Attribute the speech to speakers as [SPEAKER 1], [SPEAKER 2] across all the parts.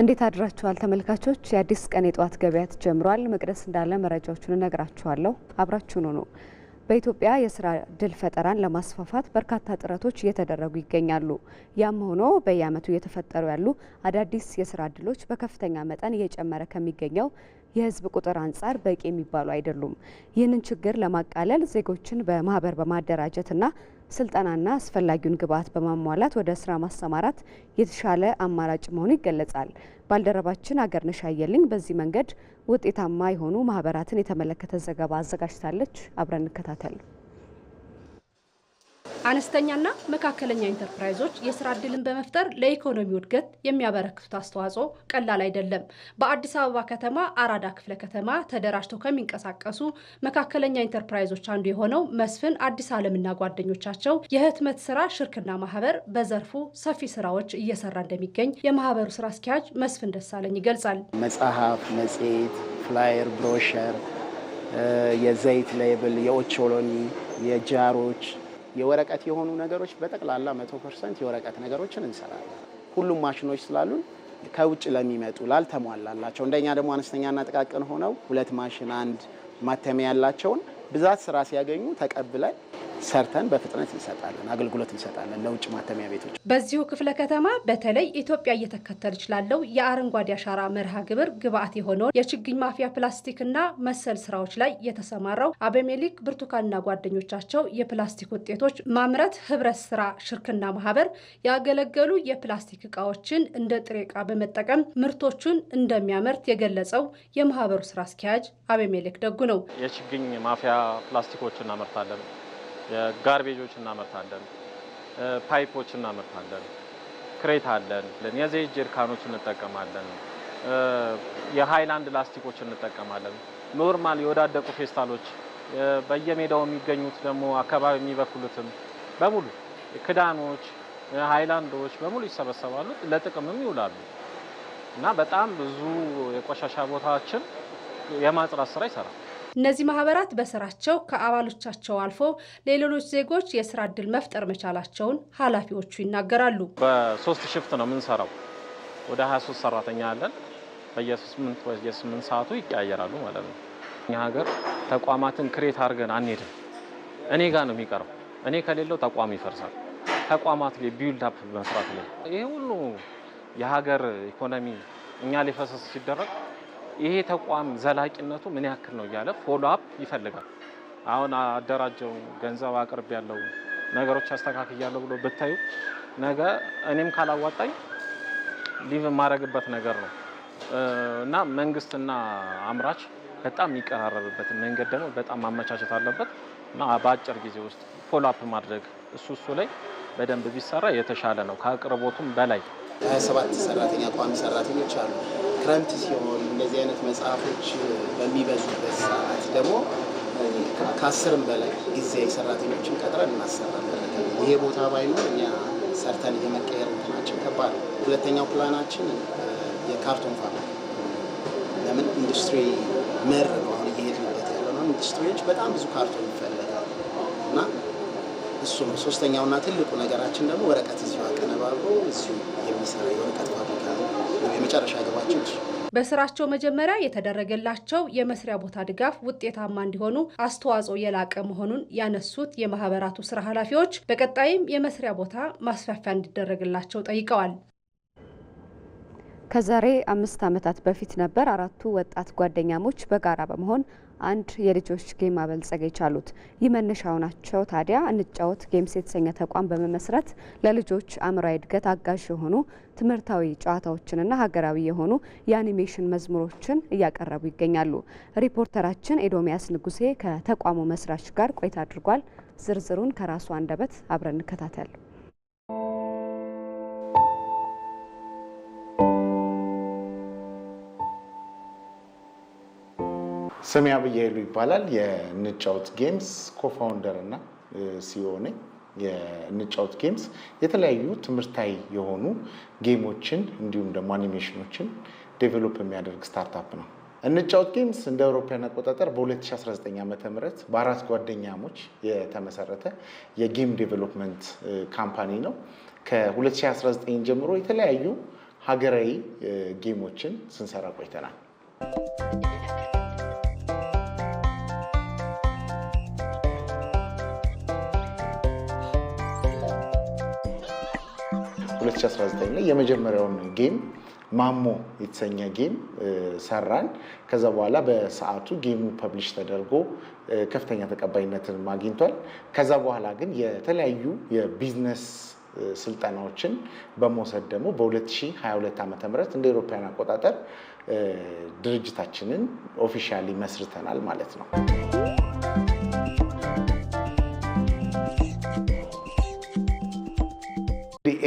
[SPEAKER 1] እንዴት አድራችኋል ተመልካቾች? የአዲስ ቀን የጠዋት ገበያ ተጀምሯል። መቅደስ እንዳለ መረጃዎቹን እነግራችኋለሁ፣ አብራችሁን ሁኑ። በኢትዮጵያ የስራ እድል ፈጠራን ለማስፋፋት በርካታ ጥረቶች እየተደረጉ ይገኛሉ። ያም ሆኖ በየዓመቱ እየተፈጠሩ ያሉ አዳዲስ የስራ እድሎች በከፍተኛ መጠን እየጨመረ ከሚገኘው የህዝብ ቁጥር አንጻር በቂ የሚባሉ አይደሉም። ይህንን ችግር ለማቃለል ዜጎችን በማህበር በማደራጀትና ስልጠናና አስፈላጊውን ግብዓት በማሟላት ወደ ስራ ማሰማራት የተሻለ አማራጭ መሆኑ ይገለጻል። ባልደረባችን አገርነሽ አየልኝ በዚህ መንገድ ውጤታማ የሆኑ ማህበራትን የተመለከተ ዘገባ አዘጋጅታለች። አብረን እንከታተል።
[SPEAKER 2] አነስተኛና መካከለኛ ኢንተርፕራይዞች የስራ ዕድልን በመፍጠር ለኢኮኖሚው እድገት የሚያበረክቱት አስተዋጽኦ ቀላል አይደለም። በአዲስ አበባ ከተማ አራዳ ክፍለ ከተማ ተደራጅተው ከሚንቀሳቀሱ መካከለኛ ኢንተርፕራይዞች አንዱ የሆነው መስፍን አዲስ ዓለምና ጓደኞቻቸው የህትመት ስራ ሽርክና ማህበር በዘርፉ ሰፊ ስራዎች እየሰራ እንደሚገኝ የማህበሩ ስራ አስኪያጅ መስፍን ደሳለኝ ይገልጻል።
[SPEAKER 3] መጽሐፍ፣ መጽሔት፣ ፍላየር፣ ብሮሸር፣ የዘይት ሌብል፣ የኦቾሎኒ፣ የጃሮች የወረቀት የሆኑ ነገሮች በጠቅላላ መቶ ፐርሰንት የወረቀት ነገሮችን እንሰራለን። ሁሉም ማሽኖች ስላሉን ከውጭ ለሚመጡ ላልተሟላላቸው፣ እንደኛ ደግሞ አነስተኛና ጥቃቅን ሆነው ሁለት ማሽን አንድ ማተሚያ ያላቸውን ብዛት ስራ ሲያገኙ ተቀብለን ሰርተን በፍጥነት እንሰጣለን፣ አገልግሎት እንሰጣለን ለውጭ ማተሚያ ቤቶች።
[SPEAKER 2] በዚሁ ክፍለ ከተማ በተለይ ኢትዮጵያ እየተከተለች ላለው የአረንጓዴ አሻራ መርሃ ግብር ግብአት የሆነውን የችግኝ ማፍያ ፕላስቲክና መሰል ስራዎች ላይ የተሰማራው አቤሜሊክ ብርቱካንና ጓደኞቻቸው የፕላስቲክ ውጤቶች ማምረት ህብረት ስራ ሽርክና ማህበር ያገለገሉ የፕላስቲክ እቃዎችን እንደ ጥሬ እቃ በመጠቀም ምርቶቹን እንደሚያመርት የገለጸው የማህበሩ ስራ አስኪያጅ አቤሜሌክ ደጉ ነው።
[SPEAKER 4] የችግኝ ማፍያ ፕላስቲኮችን እናመርታለን። ጋርቤጆች እናመርታለን፣ ፓይፖች እናመርታለን፣ ክሬት አለን፣ የዘይት ጀሪካኖች እንጠቀማለን፣ የሃይላንድ ላስቲኮች እንጠቀማለን። ኖርማል የወዳደቁ ፌስታሎች በየሜዳው የሚገኙት ደግሞ አካባቢ የሚበክሉትም በሙሉ ክዳኖች፣ ሃይላንዶች በሙሉ ይሰበሰባሉ፣ ለጥቅምም ይውላሉ እና በጣም ብዙ የቆሻሻ ቦታዎችን የማጽራት ስራ ይሰራል።
[SPEAKER 2] እነዚህ ማህበራት በስራቸው ከአባሎቻቸው አልፎ ለሌሎች ዜጎች የስራ እድል መፍጠር መቻላቸውን ኃላፊዎቹ ይናገራሉ።
[SPEAKER 4] በሶስት ሽፍት ነው የምንሰራው። ወደ 23 ሰራተኛ አለን። በየስምንት በየስምንት ሰዓቱ ይቀያየራሉ ማለት ነው። እኛ ሀገር ተቋማትን ክሬት አድርገን አንሄድም። እኔ ጋር ነው የሚቀረው። እኔ ከሌለው ተቋም ይፈርሳል። ተቋማት ላይ ቢውልድ አፕ መስራት ላይ ይሄ ሁሉ የሀገር ኢኮኖሚ እኛ ላይ ፈሰስ ሲደረግ ይሄ ተቋም ዘላቂነቱ ምን ያክል ነው እያለ ፎሎ አፕ ይፈልጋል። አሁን አደራጀው ገንዘብ አቅርብ ያለው ነገሮች አስተካክ ያለው ብሎ ብታዩ ነገ እኔም ካላዋጣኝ ሊቭ ማረግበት ነገር ነው እና መንግስትና አምራች በጣም የሚቀራረብበት መንገድ ደግሞ በጣም ማመቻቸት አለበት እና በአጭር ጊዜ ውስጥ ፎሎ አፕ ማድረግ እሱ እሱ ላይ በደንብ ቢሰራ የተሻለ ነው ከአቅርቦቱም በላይ
[SPEAKER 3] 27 ሰራተኛ ቋሚ ሰራተኞች አሉ። ክረምት ሲሆን እንደዚህ አይነት መጽሐፎች በሚበዙበት ሰዓት ደግሞ ከአስርም በላይ ጊዜያዊ ሰራተኞችን ቀጥረን እናሰራለን። ይሄ ቦታ ባይኖር እኛ ሰርተን የመቀየር እንትናችን ከባድ ነው። ሁለተኛው ፕላናችን የካርቶን ፋብሪካ ለምን ኢንዱስትሪ መር ነው አሁን እየሄድንበት ያለ ነው። ኢንዱስትሪዎች በጣም ብዙ ካርቶን ይፈለጋል እና እሱ ነው ሶስተኛውና ትልቁ ነገራችን። ደግሞ ወረቀት እዚሁ አቀነባብሮ እዚሁ የሚሰራ የወረቀት ፋብሪካ ነው የመጨረሻ
[SPEAKER 2] በስራቸው መጀመሪያ የተደረገላቸው የመስሪያ ቦታ ድጋፍ ውጤታማ እንዲሆኑ አስተዋጽኦ የላቀ መሆኑን ያነሱት የማህበራቱ ስራ ኃላፊዎች በቀጣይም የመስሪያ ቦታ ማስፋፊያ እንዲደረግላቸው ጠይቀዋል።
[SPEAKER 1] ከዛሬ አምስት ዓመታት በፊት ነበር አራቱ ወጣት ጓደኛሞች በጋራ በመሆን አንድ የልጆች ጌም ማበልጸግ የቻሉት። ይህ መነሻው ናቸው ታዲያ እንጫወት ጌምስ የተሰኘ ተቋም በመመስረት ለልጆች አእምሯዊ እድገት አጋዥ የሆኑ ትምህርታዊ ጨዋታዎችንና ሀገራዊ የሆኑ የአኒሜሽን መዝሙሮችን እያቀረቡ ይገኛሉ። ሪፖርተራችን ኤዶሚያስ ንጉሴ ከተቋሙ መስራች ጋር ቆይታ አድርጓል። ዝርዝሩን ከራሱ አንደበት አብረን እንከታተል።
[SPEAKER 5] ስሜ አብዬ ይባላል። የንጫውት ጌምስ ኮፋውንደር እና ሲኦ ነኝ። ጌምስ የተለያዩ ትምህርታዊ የሆኑ ጌሞችን እንዲሁም ደግሞ አኒሜሽኖችን ዴቨሎፕ የሚያደርግ ስታርታፕ ነው። እንጫውት ጌምስ እንደ አውሮፓውያን አቆጣጠር በ2019 ዓ ም በአራት ጓደኛሞች የተመሰረተ የጌም ዴቨሎፕመንት ካምፓኒ ነው። ከ2019 ጀምሮ የተለያዩ ሀገራዊ ጌሞችን ስንሰራ ቆይተናል። 2019 ላይ የመጀመሪያውን ጌም ማሞ የተሰኘ ጌም ሰራን። ከዛ በኋላ በሰዓቱ ጌሙ ፐብሊሽ ተደርጎ ከፍተኛ ተቀባይነትን አግኝቷል። ከዛ በኋላ ግን የተለያዩ የቢዝነስ ስልጠናዎችን በመውሰድ ደግሞ በ2022 ዓ ም እንደ ኤሮፓያን አቆጣጠር ድርጅታችንን ኦፊሻሊ መስርተናል ማለት ነው።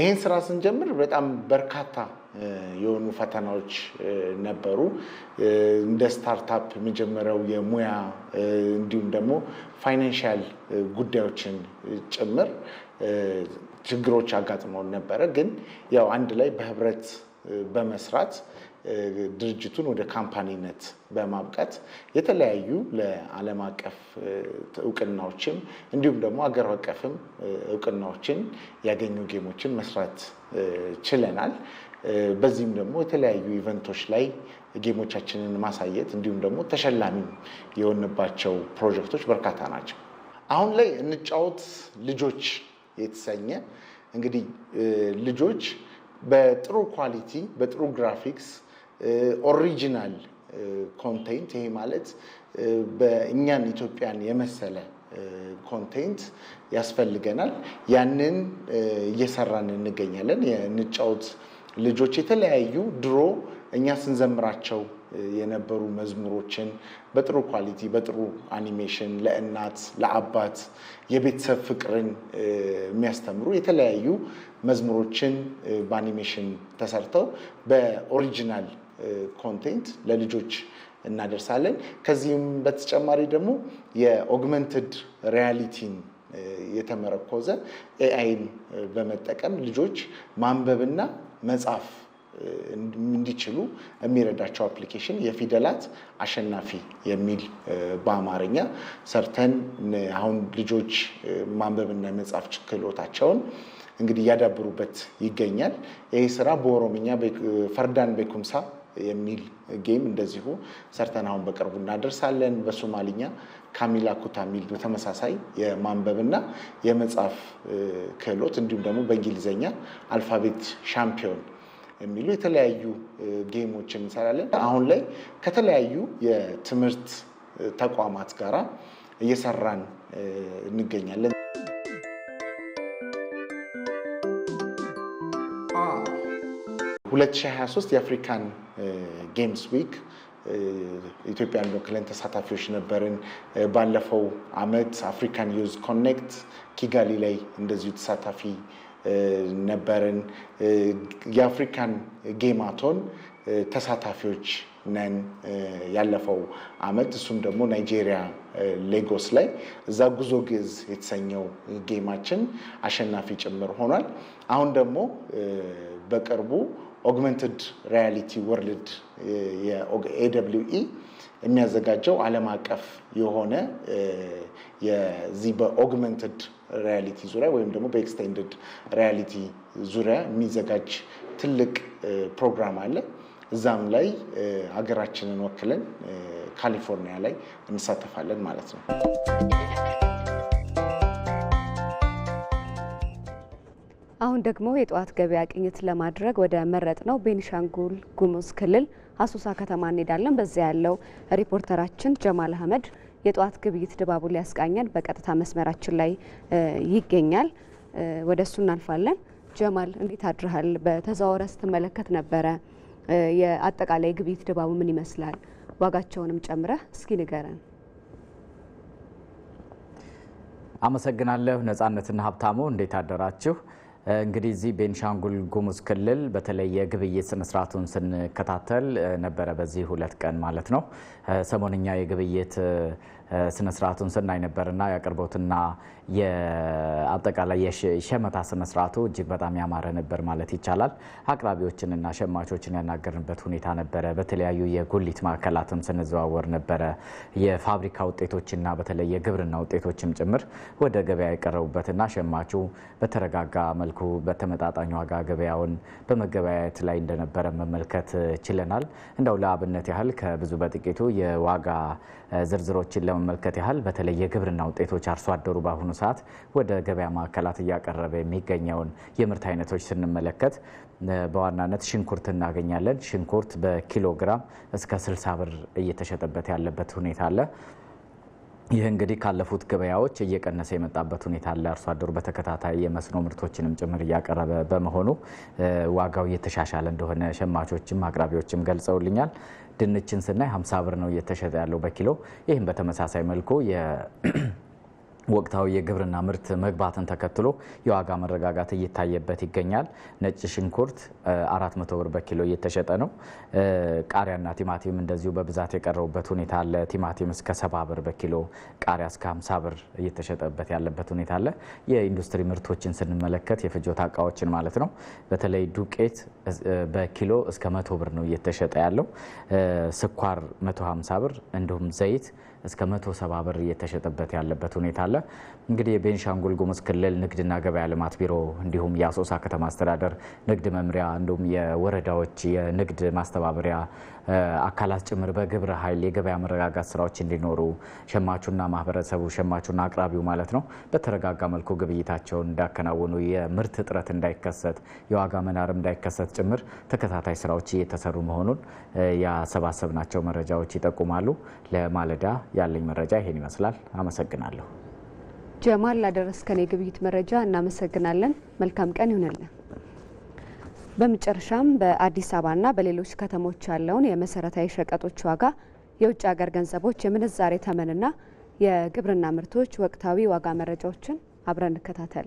[SPEAKER 5] ይህን ስራ ስንጀምር በጣም በርካታ የሆኑ ፈተናዎች ነበሩ። እንደ ስታርታፕ የመጀመሪያው የሙያ እንዲሁም ደግሞ ፋይናንሻል ጉዳዮችን ጭምር ችግሮች አጋጥመውን ነበረ። ግን ያው አንድ ላይ በህብረት በመስራት ድርጅቱን ወደ ካምፓኒነት በማብቃት የተለያዩ ለዓለም አቀፍ እውቅናዎችም እንዲሁም ደግሞ አገር አቀፍም እውቅናዎችን ያገኙ ጌሞችን መስራት ችለናል። በዚህም ደግሞ የተለያዩ ኢቨንቶች ላይ ጌሞቻችንን ማሳየት እንዲሁም ደግሞ ተሸላሚ የሆንባቸው ፕሮጀክቶች በርካታ ናቸው። አሁን ላይ እንጫወት ልጆች የተሰኘ እንግዲህ ልጆች በጥሩ ኳሊቲ በጥሩ ግራፊክስ ኦሪጂናል ኮንቴንት ይሄ ማለት በእኛን ኢትዮጵያን የመሰለ ኮንቴንት ያስፈልገናል። ያንን እየሰራን እንገኛለን። የንጫውት ልጆች የተለያዩ ድሮ እኛ ስንዘምራቸው የነበሩ መዝሙሮችን በጥሩ ኳሊቲ በጥሩ አኒሜሽን ለእናት ለአባት የቤተሰብ ፍቅርን የሚያስተምሩ የተለያዩ መዝሙሮችን በአኒሜሽን ተሰርተው በኦሪጂናል ኮንቴንት ለልጆች እናደርሳለን። ከዚህም በተጨማሪ ደግሞ የኦግመንትድ ሪያሊቲን የተመረኮዘ ኤአይን በመጠቀም ልጆች ማንበብና መጻፍ እንዲችሉ የሚረዳቸው አፕሊኬሽን የፊደላት አሸናፊ የሚል በአማርኛ ሰርተን አሁን ልጆች ማንበብና የመጻፍ ችሎታቸውን እንግዲህ እያዳብሩበት ይገኛል። ይህ ስራ በኦሮምኛ ፈርዳን ቤኩምሳ የሚል ጌም እንደዚሁ ሰርተን አሁን በቅርቡ እናደርሳለን። በሶማሊኛ ካሚላ ኩታ ሚል በተመሳሳይ የማንበብና የመጻፍ ክህሎት እንዲሁም ደግሞ በእንግሊዝኛ አልፋቤት ሻምፒዮን የሚሉ የተለያዩ ጌሞች እንሰራለን። አሁን ላይ ከተለያዩ የትምህርት ተቋማት ጋራ እየሰራን እንገኛለን። 2023 የአፍሪካን ጌምስ ዊክ ኢትዮጵያን ወክለን ተሳታፊዎች ነበርን። ባለፈው አመት አፍሪካን ዩዝ ኮኔክት ኪጋሊ ላይ እንደዚሁ ተሳታፊ ነበርን። የአፍሪካን ጌማቶን ተሳታፊዎች ነን ያለፈው አመት። እሱም ደግሞ ናይጄሪያ ሌጎስ ላይ እዛ ጉዞ ግዕዝ የተሰኘው ጌማችን አሸናፊ ጭምር ሆኗል። አሁን ደግሞ በቅርቡ ኦግመንትድ ሪያሊቲ ወርልድ ኢ የሚያዘጋጀው ዓለም አቀፍ የሆነ የዚህ በኦግመንትድ ሪያሊቲ ዙሪያ ወይም ደግሞ በኤክስቴንድድ ሪያሊቲ ዙሪያ የሚዘጋጅ ትልቅ ፕሮግራም አለ። እዛም ላይ ሀገራችንን ወክለን ካሊፎርኒያ ላይ እንሳተፋለን
[SPEAKER 1] ማለት ነው። አሁን ደግሞ የጠዋት ገበያ ቅኝት ለማድረግ ወደ መረጥ ነው ቤኒሻንጉል ጉሙዝ ክልል አሶሳ ከተማ እንሄዳለን። በዚያ ያለው ሪፖርተራችን ጀማል አህመድ የጠዋት ግብይት ድባቡ ሊያስቃኘን በቀጥታ መስመራችን ላይ ይገኛል። ወደ እሱ እናልፋለን። ጀማል እንዴት አድረሃል? በተዘዋወረ ስትመለከት ነበረ። የአጠቃላይ ግብይት ድባቡ ምን ይመስላል? ዋጋቸውንም ጨምረህ እስኪ ንገረን።
[SPEAKER 6] አመሰግናለሁ ነጻነትና ሀብታሙ። እንዴት አደራችሁ? እንግዲህ እዚህ ቤንሻንጉል ጉሙዝ ክልል በተለይ የግብይት ስነስርዓቱን ስንከታተል ነበረ። በዚህ ሁለት ቀን ማለት ነው ሰሞንኛ የግብይት ስነስርዓቱን ስናይ ነበርና የአቅርቦትና የአጠቃላይ የሸመታ ስነስርዓቱ እጅግ በጣም ያማረ ነበር ማለት ይቻላል። አቅራቢዎችንና ሸማቾችን ያናገርንበት ሁኔታ ነበረ። በተለያዩ የጉሊት ማዕከላትም ስንዘዋወር ነበረ። የፋብሪካ ውጤቶችና በተለይ የግብርና ውጤቶችም ጭምር ወደ ገበያ የቀረቡበትና ሸማቹ በተረጋጋ መልኩ በተመጣጣኝ ዋጋ ገበያውን በመገበያየት ላይ እንደነበረ መመልከት ችለናል። እንደው ለአብነት ያህል ከብዙ በጥቂቱ የዋጋ ዝርዝሮችን ለመመልከት ያህል በተለይ የግብርና ውጤቶች አርሶ አደሩ በአሁኑ ሰዓት ወደ ገበያ ማዕከላት እያቀረበ የሚገኘውን የምርት አይነቶች ስንመለከት በዋናነት ሽንኩርት እናገኛለን። ሽንኩርት በኪሎግራም እስከ 60 ብር እየተሸጠበት ያለበት ሁኔታ አለ። ይህ እንግዲህ ካለፉት ገበያዎች እየቀነሰ የመጣበት ሁኔታ አለ። አርሶ አደሩ በተከታታይ የመስኖ ምርቶችንም ጭምር እያቀረበ በመሆኑ ዋጋው እየተሻሻለ እንደሆነ ሸማቾችም አቅራቢዎችም ገልጸውልኛል። ድንችን ስናይ 50 ብር ነው እየተሸጠ ያለው በኪሎ። ይህም በተመሳሳይ መልኩ ወቅታዊ የግብርና ምርት መግባትን ተከትሎ የዋጋ መረጋጋት እየታየበት ይገኛል። ነጭ ሽንኩርት 400 ብር በኪሎ እየተሸጠ ነው። ቃሪያና ቲማቲም እንደዚሁ በብዛት የቀረቡበት ሁኔታ አለ። ቲማቲም እስከ 70 ብር በኪሎ፣ ቃሪያ እስከ 50 ብር እየተሸጠበት ያለበት ሁኔታ አለ። የኢንዱስትሪ ምርቶችን ስንመለከት የፍጆታ እቃዎችን ማለት ነው። በተለይ ዱቄት በኪሎ እስከ 100 ብር ነው እየተሸጠ ያለው። ስኳር 150 ብር እንዲሁም ዘይት እስከ 170 ብር እየተሸጠበት ያለበት ሁኔታ አለ። እንግዲህ የቤንሻንጉል ጉሙዝ ክልል ንግድና ገበያ ልማት ቢሮ እንዲሁም የአሶሳ ከተማ አስተዳደር ንግድ መምሪያ እንዲሁም የወረዳዎች የንግድ ማስተባበሪያ አካላት ጭምር በግብረ ኃይል የገበያ መረጋጋት ስራዎች እንዲኖሩ ሸማቹና ማህበረሰቡ ሸማቹና አቅራቢው ማለት ነው በተረጋጋ መልኩ ግብይታቸውን እንዳከናወኑ የምርት እጥረት እንዳይከሰት የዋጋ መናር እንዳይከሰት ጭምር ተከታታይ ስራዎች እየተሰሩ መሆኑን ያሰባሰብናቸው መረጃዎች ይጠቁማሉ። ለማለዳ ያለኝ መረጃ ይሄን ይመስላል። አመሰግናለሁ።
[SPEAKER 1] ጀማል ላደረስከን የግብይት መረጃ እናመሰግናለን። መልካም ቀን ይሁንልን። በመጨረሻም በአዲስ አበባና በሌሎች ከተሞች ያለውን የመሰረታዊ ሸቀጦች ዋጋ፣ የውጭ ሀገር ገንዘቦች የምንዛሬ ተመንና የግብርና ምርቶች ወቅታዊ ዋጋ መረጃዎችን አብረን እንከታተል።